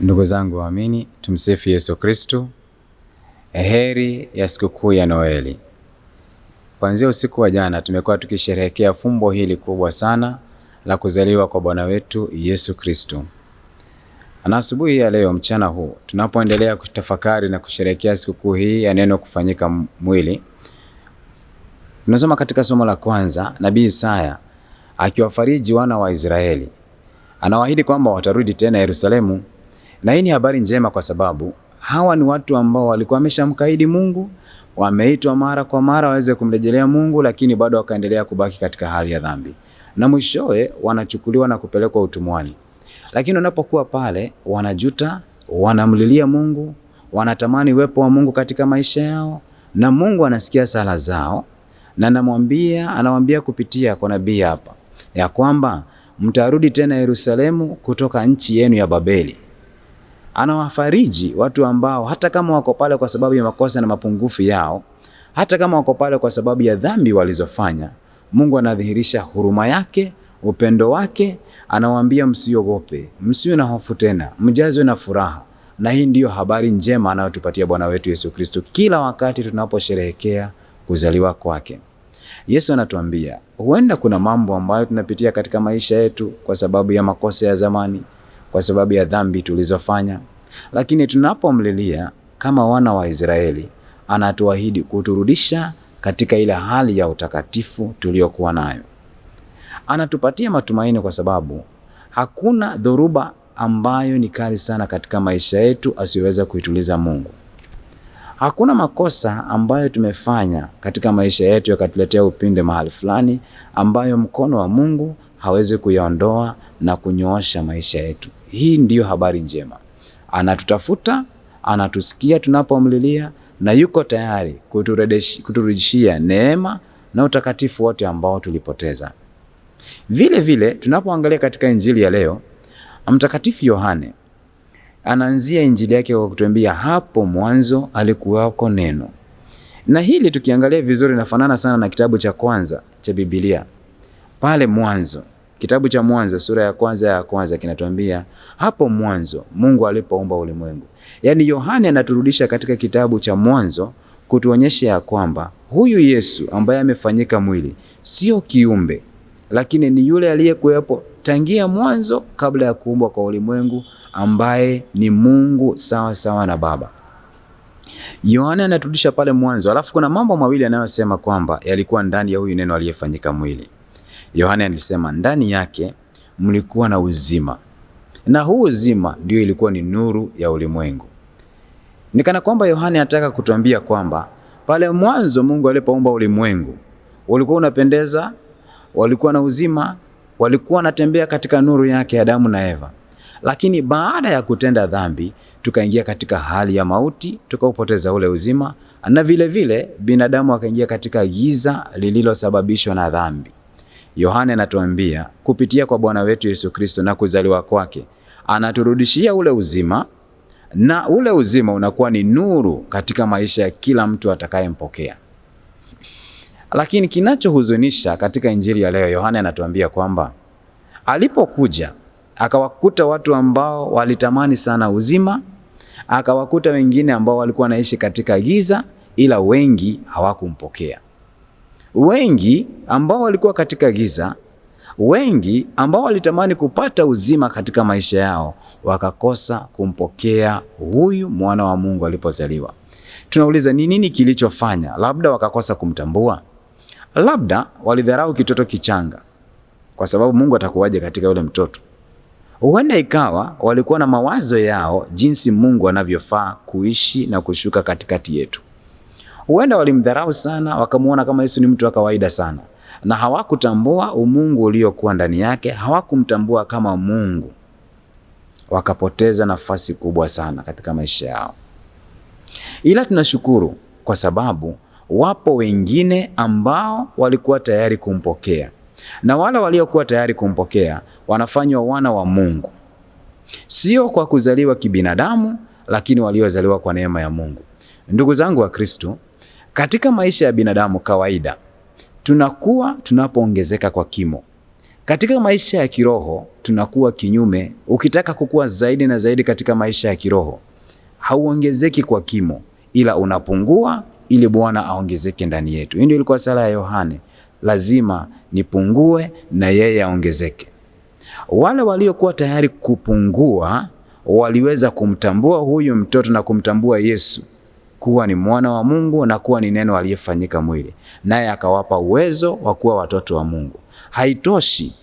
Ndugu zangu waamini, tumsifu Yesu Kristu. Heri ya sikukuu ya Noeli. Kuanzia usiku wa jana, tumekuwa tukisherehekea fumbo hili kubwa sana la kuzaliwa kwa Bwana wetu Yesu Kristu, na asubuhi ya leo, mchana huu, tunapoendelea kutafakari na kusherehekea sikukuu hii ya neno kufanyika mwili, tunasoma katika somo la kwanza, nabii Isaya akiwafariji wana wa Israeli, anawaahidi kwamba watarudi tena Yerusalemu na hii ni habari njema kwa sababu hawa ni watu ambao walikuwa wameshamkaidi Mungu, wameitwa mara kwa mara waweze kumrejelea Mungu, lakini bado wakaendelea kubaki katika hali ya dhambi, na mwishowe wanachukuliwa na kupelekwa utumwani. Lakini wanapokuwa pale, wanajuta, wanamlilia Mungu, wanatamani uwepo wa Mungu katika maisha yao, na Mungu anasikia sala zao, na anamwambia anawaambia kupitia kwa nabii hapa ya kwamba mtarudi tena Yerusalemu kutoka nchi yenu ya Babeli anawafariji watu ambao hata kama wako pale kwa sababu ya makosa na mapungufu yao, hata kama wako pale kwa sababu ya dhambi walizofanya, Mungu anadhihirisha huruma yake, upendo wake, anawaambia msiogope, msiwe na hofu tena, mjazwe na furaha. Na hii ndiyo habari njema anayotupatia Bwana wetu Yesu Kristo kila wakati tunaposherehekea kuzaliwa kwake. Yesu anatuambia, huenda kuna mambo ambayo tunapitia katika maisha yetu kwa sababu ya makosa ya zamani kwa sababu ya dhambi tulizofanya, lakini tunapomlilia kama wana wa Israeli anatuahidi kuturudisha katika ile hali ya utakatifu tuliyokuwa nayo. Anatupatia matumaini kwa sababu hakuna dhoruba ambayo ni kali sana katika maisha yetu asiyoweza kuituliza Mungu. Hakuna makosa ambayo tumefanya katika maisha yetu yakatuletea upinde mahali fulani ambayo mkono wa Mungu hawezi kuyaondoa na kunyoosha maisha yetu. Hii ndiyo habari njema. Anatutafuta, anatusikia tunapomlilia na yuko tayari kuturudishia neema na utakatifu wote ambao tulipoteza. Vile vile tunapoangalia katika Injili ya leo, Mtakatifu Yohane anaanzia Injili yake kwa kutuambia hapo mwanzo alikuwako neno. Na hili tukiangalia vizuri, nafanana sana na kitabu cha kwanza cha Biblia pale mwanzo Kitabu cha Mwanzo sura ya kwanza ya kwanza kinatuambia hapo mwanzo Mungu alipoumba ulimwengu. Yaani, Yohane anaturudisha katika kitabu cha Mwanzo kutuonyesha ya kwamba huyu Yesu ambaye amefanyika mwili sio kiumbe, lakini ni yule aliyekuwepo tangia mwanzo kabla ya kuumbwa kwa ulimwengu, ambaye ni Mungu sawa sawa na Baba. Yohane anaturudisha pale mwanzo, alafu kuna mambo mawili anayosema kwamba yalikuwa ndani ya huyu neno aliyefanyika mwili Yohane alisema ndani yake mlikuwa na uzima, na huu uzima ndio ilikuwa ni nuru ya ulimwengu. Nikana kwamba yohane anataka kutuambia kwamba pale mwanzo Mungu alipoumba ulimwengu ulikuwa unapendeza, walikuwa na uzima, walikuwa wanatembea katika nuru yake, Adamu na Eva. Lakini baada ya kutenda dhambi, tukaingia katika hali ya mauti, tukaupoteza ule uzima, na vile vile binadamu akaingia katika giza lililosababishwa na dhambi. Yohane anatuambia kupitia kwa Bwana wetu Yesu Kristo na kuzaliwa kwake anaturudishia ule uzima, na ule uzima unakuwa ni nuru katika maisha ya kila mtu atakayempokea. Lakini kinachohuzunisha katika injili ya leo, Yohane anatuambia kwamba alipokuja akawakuta watu ambao walitamani sana uzima, akawakuta wengine ambao walikuwa wanaishi katika giza, ila wengi hawakumpokea wengi ambao walikuwa katika giza, wengi ambao walitamani kupata uzima katika maisha yao wakakosa kumpokea huyu mwana wa Mungu alipozaliwa. Tunauliza, ni nini kilichofanya? Labda wakakosa kumtambua, labda walidharau kitoto kichanga, kwa sababu Mungu atakuwaje katika yule mtoto? Huenda ikawa walikuwa na mawazo yao jinsi Mungu anavyofaa kuishi na kushuka katikati yetu. Huenda walimdharau sana, wakamuona kama Yesu ni mtu wa kawaida sana, na hawakutambua umungu uliokuwa ndani yake, hawakumtambua kama Mungu, wakapoteza nafasi kubwa sana katika maisha yao. Ila tunashukuru kwa sababu wapo wengine ambao walikuwa tayari kumpokea, na wale waliokuwa tayari kumpokea wanafanywa wana wa Mungu, sio kwa kuzaliwa kibinadamu, lakini waliozaliwa kwa neema ya Mungu. Ndugu zangu wa Kristo, katika maisha ya binadamu kawaida, tunakuwa tunapoongezeka kwa kimo. Katika maisha ya kiroho tunakuwa kinyume. Ukitaka kukua zaidi na zaidi katika maisha ya kiroho, hauongezeki kwa kimo, ila unapungua ili Bwana aongezeke ndani yetu. Hii ndio ilikuwa sala ya Yohane, lazima nipungue na yeye aongezeke. Wale waliokuwa tayari kupungua waliweza kumtambua huyu mtoto na kumtambua Yesu kuwa ni mwana wa Mungu na kuwa ni neno aliyefanyika mwili, naye akawapa uwezo wa kuwa watoto wa Mungu. Haitoshi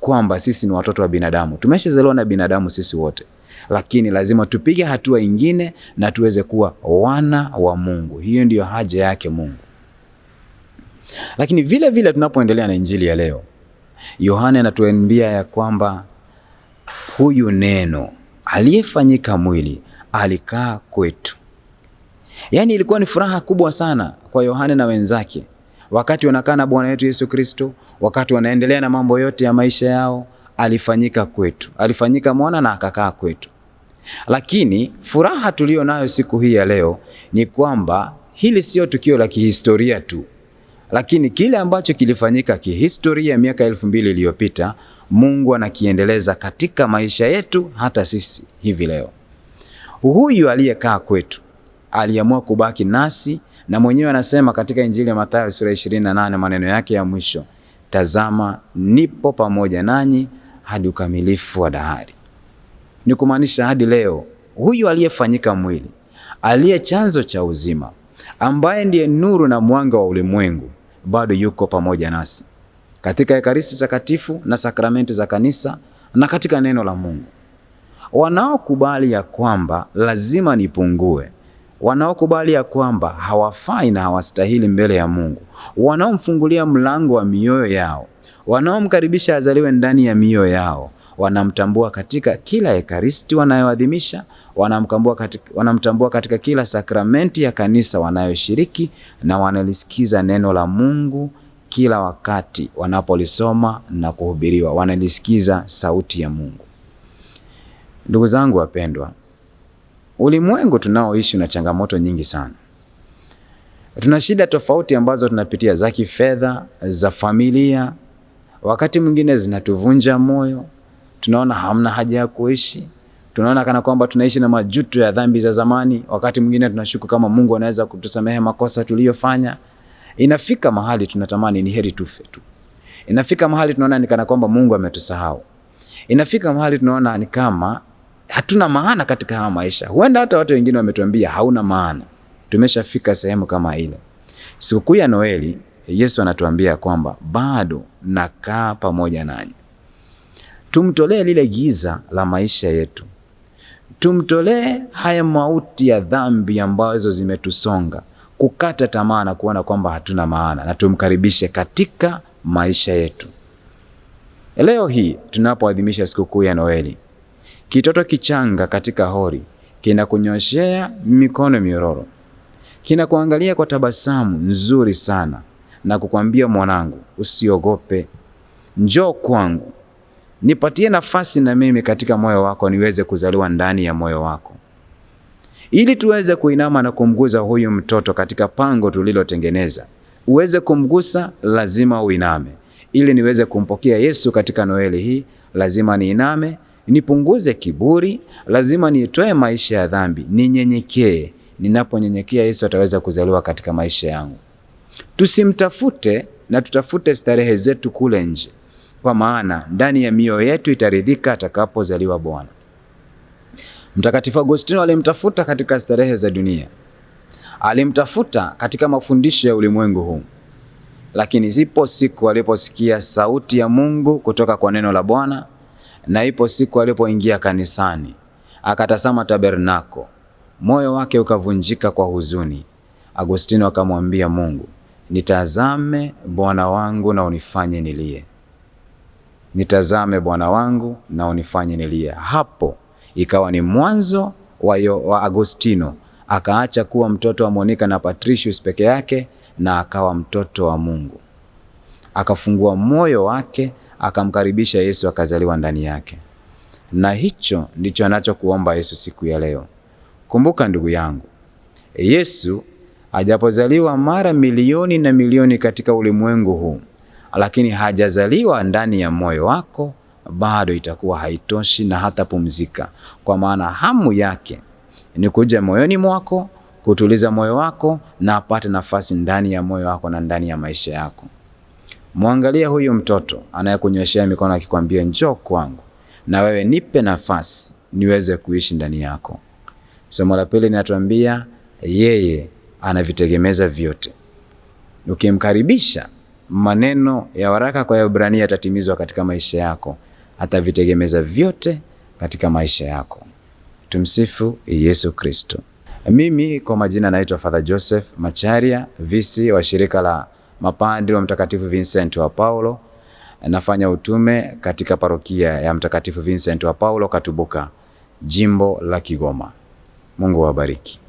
kwamba sisi ni watoto wa binadamu, tumeshazaliwa na binadamu sisi wote, lakini lazima tupige hatua ingine na tuweze kuwa wana wa Mungu. Hiyo ndiyo haja yake Mungu. Lakini vile vile tunapoendelea na injili ya leo, Yohane anatuambia ya kwamba huyu neno aliyefanyika mwili alikaa kwetu Yaani ilikuwa ni furaha kubwa sana kwa Yohane na wenzake wakati wanakaa na Bwana wetu Yesu Kristo, wakati wanaendelea na mambo yote ya maisha yao, alifanyika kwetu, alifanyika mwana na akakaa kwetu. Lakini furaha tuliyo nayo siku hii ya leo ni kwamba hili sio tukio la kihistoria tu, lakini kile ambacho kilifanyika kihistoria miaka elfu mbili iliyopita Mungu anakiendeleza katika maisha yetu hata sisi hivi leo. Huyu aliyekaa kwetu aliamua kubaki nasi, na mwenyewe anasema katika Injili ya Mathayo sura 28 maneno yake ya mwisho, tazama nipo pamoja nanyi hadi ukamilifu wa dahari. Ni kumaanisha hadi leo huyu aliyefanyika mwili, aliye chanzo cha uzima, ambaye ndiye nuru na mwanga wa ulimwengu, bado yuko pamoja nasi katika Ekaristi Takatifu na sakramenti za Kanisa na katika neno la Mungu. Wanaokubali ya kwamba lazima nipungue wanaokubali ya kwamba hawafai na hawastahili mbele ya Mungu, wanaomfungulia mlango wa mioyo yao, wanaomkaribisha azaliwe ndani ya mioyo yao, wanamtambua katika kila ekaristi wanayoadhimisha, wanamtambua katika, wanamtambua katika kila sakramenti ya kanisa wanayoshiriki, na wanalisikiza neno la Mungu kila wakati wanapolisoma na kuhubiriwa, wanalisikiza sauti ya Mungu. Ndugu zangu wapendwa, Ulimwengu tunaoishi una changamoto nyingi sana. Tuna shida tofauti ambazo tunapitia za kifedha, za familia, wakati mwingine zinatuvunja moyo, tunaona hamna haja ya kuishi, tunaona kana kwamba tunaishi na majuto ya dhambi za zamani. Wakati mwingine tunashuku kama Mungu anaweza kutusamehe makosa tuliyofanya. Inafika mahali tunatamani ni heri tufe tu. Inafika mahali tunaona ni kana kwamba Mungu ametusahau. Inafika mahali tunaona ni kama hatuna maana katika haya maisha. Huenda hata watu wengine wametuambia hauna maana. Tumeshafika sehemu kama ile. Sikukuu ya Noeli, Yesu anatuambia kwamba bado nakaa pamoja nanyi. Tumtolee lile giza la maisha yetu, tumtolee haya mauti ya dhambi ambazo zimetusonga, kukata tamaa na kuona kwamba hatuna maana, na tumkaribishe katika maisha yetu. Leo hii tunapoadhimisha sikukuu ya Noeli Kitoto kichanga katika hori kinakunyoshea mikono myororo, kinakuangalia kwa tabasamu nzuri sana na kukwambia, mwanangu, usiogope, njoo kwangu, nipatie nafasi na mimi katika moyo wako, niweze kuzaliwa ndani ya moyo wako, ili tuweze kuinama na kumgusa huyu mtoto katika pango tulilotengeneza. Uweze kumgusa, lazima uiname. Ili niweze kumpokea Yesu katika Noeli hii, lazima niiname nipunguze kiburi, lazima nitoe maisha ya dhambi, ninyenyekee. Ninaponyenyekea, Yesu ataweza kuzaliwa katika maisha yangu. Tusimtafute na tutafute starehe zetu kule nje, kwa maana ndani ya mioyo yetu itaridhika atakapozaliwa Bwana. Mtakatifu Agostino alimtafuta katika starehe za dunia, alimtafuta katika mafundisho ya ulimwengu huu, lakini zipo siku aliposikia sauti ya Mungu kutoka kwa neno la Bwana na ipo siku alipoingia kanisani akatazama tabernako, moyo wake ukavunjika kwa huzuni. Agustino akamwambia Mungu, nitazame Bwana wangu na unifanye nilie, nitazame Bwana wangu na unifanye nilie. Hapo ikawa ni mwanzo wa, wa Agustino akaacha kuwa mtoto wa Monica na Patricius peke yake na akawa mtoto wa Mungu, akafungua moyo wake akamkaribisha Yesu akazaliwa ndani yake. Na hicho ndicho anachokuomba Yesu siku ya leo. Kumbuka ndugu yangu, Yesu hajapozaliwa mara milioni na milioni katika ulimwengu huu, lakini hajazaliwa ndani ya moyo wako, bado itakuwa haitoshi na hatapumzika, kwa maana hamu yake ni kuja moyoni mwako, kutuliza moyo wako na apate nafasi ndani ya moyo wako na ndani ya maisha yako. Mwangalia huyu mtoto anayekunyoshea mikono akikwambia njoo kwangu, na wewe nipe nafasi niweze kuishi ndani yako. Somo la pili linatuambia yeye anavitegemeza vyote. Ukimkaribisha, maneno ya waraka kwa Waebrania yatatimizwa katika maisha yako, atavitegemeza vyote katika maisha yako. Tumsifu Yesu Kristo. Mimi kwa majina naitwa Father Joseph Macharia, visi wa shirika la mapadri wa Mtakatifu Vincent wa Paulo. Nafanya utume katika parokia ya Mtakatifu Vincent wa Paulo Katubuka, jimbo la Kigoma. Mungu wabariki.